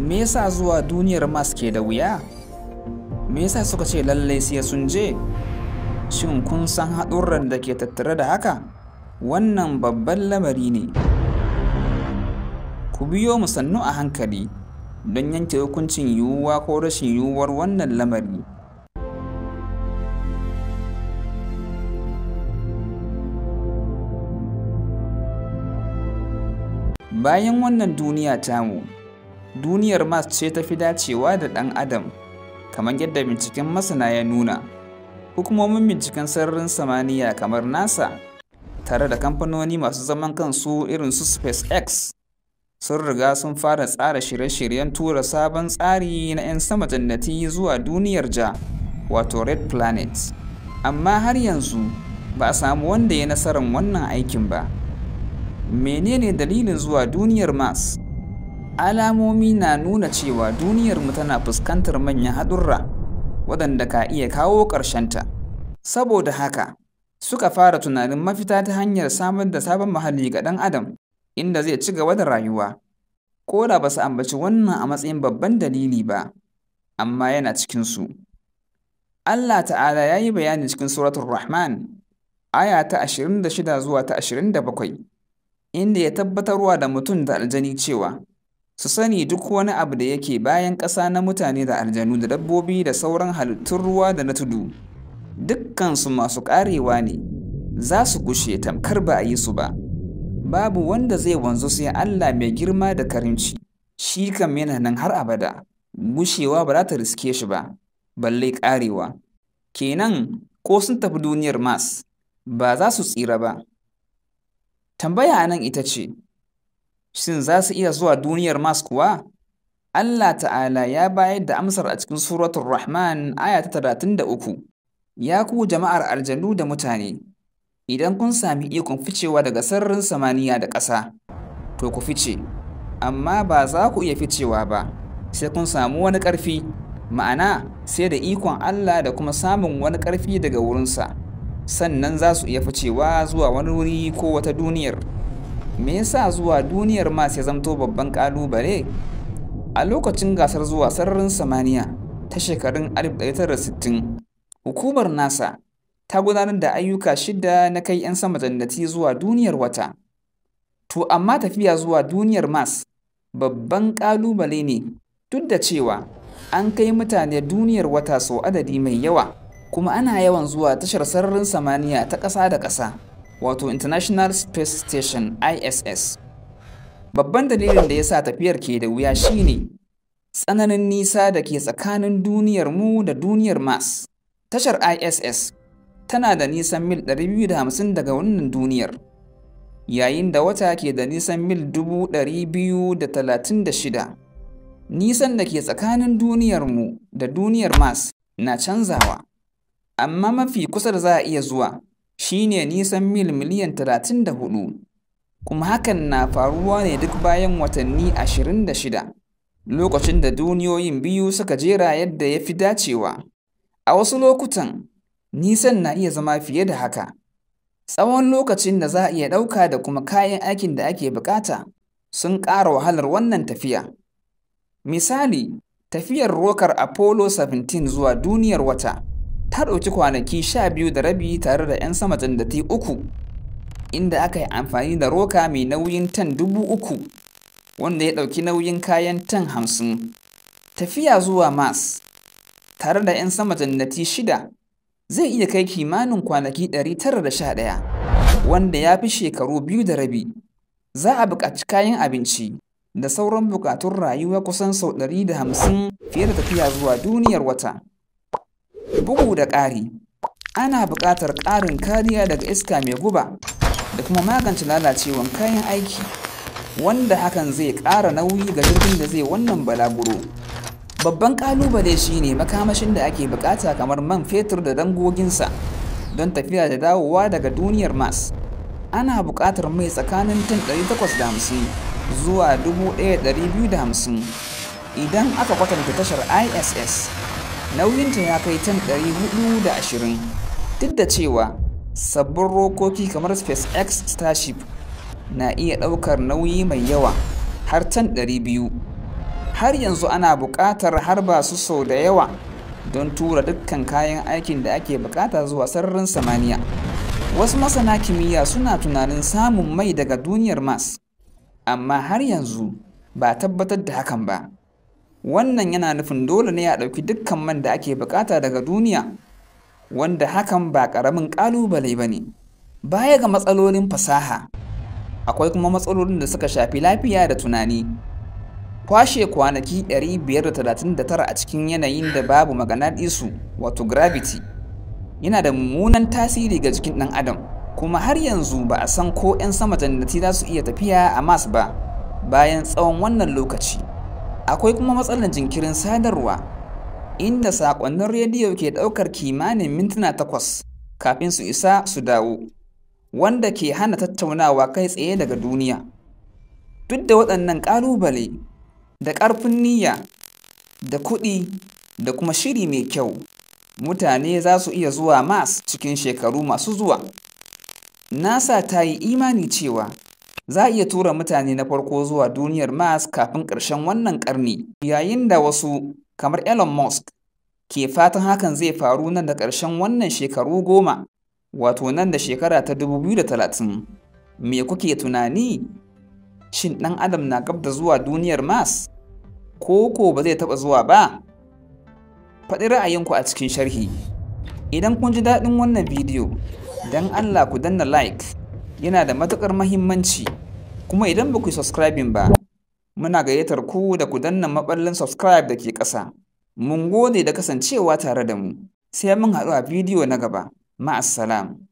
me yasa zuwa duniyar mars ke da wuya me yasa suka ce lallai sai sun je shin kun san haɗurran da ke tattare da haka wannan babban lamari ne ku biyo mu sannu a hankali don yanke hukuncin yiwuwa ko rashin yiwuwar wannan lamari bayan wannan duniya tamu duniyar mars ce ta fi dacewa da ɗan adam kamar yadda binciken masana ya nuna hukumomin binciken sararin samaniya kamar nasa tare da kamfanoni masu zaman kansu irin su spacex sun riga sun fara tsara shirye-shiryen tura sabon tsari na 'yan sama jannati zuwa duniyar ja wato red planet amma har yanzu ba a samu wanda ya nasarar wannan aikin ba menene dalilin zuwa duniyar mars alamomi na nuna cewa duniyarmu tana fuskantar manyan haɗurra waɗanda ka iya kawo ƙarshen ƙarshenta saboda haka suka fara tunanin mafita ta hanyar samar da sabon muhalli ga ɗan adam inda zai ci gaba da rayuwa ko da ba su ambaci wannan a matsayin babban dalili ba amma yana cikinsu Allah ta'ala ya yi bayani cikin suratul Rahman aya ta 26 zuwa ta 27 inda ya tabbatarwa da mutum da aljani cewa su sani duk wani abu da yake bayan ƙasa na mutane da aljanu da dabbobi da sauran halittun ruwa da na tudu dukkansu masu ƙarewa ne za su gushe tamkar ba a yi su ba babu wanda zai wanzu sai Allah mai girma da karimci shi kam yana nan har abada gushewa ba za ta riske shi ba balle ƙarewa kenan ko sun tafi duniyar mas ba za su tsira ba tambaya nan ita ce shin za su iya zuwa duniyar Mas kuwa? Allah ta'ala ya bayar da amsar a cikin suratun Rahman aya ta talatin da uku. Ya ku jama'ar aljanu da mutane, idan kun sami ikon ficewa daga sararin samaniya da ƙasa, to ku fice, amma ba za ku iya ficewa ba, sai kun samu wani ƙarfi, ma'ana sai da ikon Allah da kuma samun wani ƙarfi daga wurinsa, sannan za su iya ficewa zuwa wani wuri ko wata duniyar. me yasa zuwa duniyar mars ya zamto babban kalubale a lokacin gasar zuwa sararin samaniya ta shekarun 1960 hukumar nasa ta gudanar da ayyuka shida na kai 'yan sama jannati zuwa duniyar wata to amma tafiya zuwa duniyar mars babban kalubale ne duk da cewa an kai mutane duniyar wata sau adadi mai yawa kuma ana yawan zuwa tashar sararin samaniya ta ƙasa da ƙasa wato International Space Station ISS. Babban dalilin da ya sa tafiyar ke da wuya shine tsananin nisa da ke tsakanin duniyar mu da duniyar Mars. Tashar ISS tana da nisan mil 250 daga wannan duniyar, yayin da wata ke da nisan mil 236. Nisan da ke tsakanin duniyar mu da duniyar Mars na canzawa, amma mafi kusa da za a iya zuwa shi ne nisan mil miliyan 34 kuma hakan na faruwa ne duk bayan watanni 26 lokacin da duniyoyin biyu suka jera yadda ya fi dacewa a wasu lokutan nisan na iya zama fiye da haka tsawon lokacin da za a iya ɗauka da kuma kayan aikin da ake bukata sun ƙara wahalar wannan tafiya misali tafiyar rokar apollo 17 zuwa duniyar wata ta ɗauki kwanaki sha biyu da rabi tare da 'yan sama tsandati uku inda aka yi amfani da roka mai nauyin tan dubu uku wanda ya ɗauki nauyin kayan tan hamsin tafiya zuwa mars tare da 'yan sama tsandati shida zai iya kai kimanin kwanaki 911 wanda ya fi shekaru biyu da rabi za a buƙaci kayan abinci da sauran buƙatun rayuwa kusan sau 150 fiye da tafiya zuwa duniyar wata bugu da ƙari ana buƙatar ƙarin kariya daga iska mai guba da kuma magance lalacewan kayan aiki wanda hakan zai ƙara nauyi ga jirgin da zai wannan balaguro babban ƙalubale shi ne makamashin da ake buƙata kamar man fetur da dangoginsa don tafiya da dawowa daga duniyar mars ana buƙatar mai tsakanin tun 850 zuwa 1250 idan aka kwatanta tashar iss nauyinta ya kai tan 420 duk da cewa sabbin rokoki kamar spacex starship na iya ɗaukar nauyi mai yawa har tan 200 har yanzu ana buƙatar harba su sau da yawa don tura dukkan kayan aikin da ake bukata zuwa sararin samaniya wasu masana kimiyya suna tunanin samun mai daga duniyar mars amma har yanzu ba tabbatar da hakan ba wannan yana nufin dole ne a ɗauki dukkan man da ake bukata daga duniya wanda hakan ba ƙaramin ƙalubale ba ne baya ga matsalolin fasaha akwai kuma matsalolin da suka shafi lafiya da tunani kwashe kwanaki 539 a cikin yanayin da babu maganaɗisu wato gravity yana da mummunan tasiri ga jikin ɗan adam kuma har yanzu ba a san ko 'yan sama jannati za su iya tafiya a mars ba bayan tsawon wannan lokaci akwai kuma matsalar jinkirin sadarwa inda sakonnin rediyo ke ɗaukar kimanin mintuna takwas kafin su isa su dawo wanda ke hana tattaunawa kai tsaye daga duniya duk da waɗannan ƙalubale da ƙarfin niyya da kuɗi da kuma shiri mai kyau mutane za su iya zuwa mas cikin shekaru masu zuwa nasa ta yi imani cewa za a iya tura mutane na farko zuwa duniyar Mars kafin ƙarshen wannan ƙarni, yayin da wasu kamar Elon Musk ke fatan hakan zai faru nan da ƙarshen wannan shekaru goma, wato nan da shekara ta 2030. Me kuke tunani? Shin ɗan Adam na gab da zuwa duniyar Mars? Ko ko ba zai taɓa zuwa ba? Faɗi ra'ayinku a cikin sharhi. Idan kun ji daɗin wannan bidiyo, don Allah ku danna like. yana da matukar mahimmanci kuma idan ba ku yi subscribing ba muna gayyatar ku da ku danna maɓallin subscribe da ke ƙasa mun gode da kasancewa tare da mu sai mun haɗu a bidiyo na gaba ma'assalam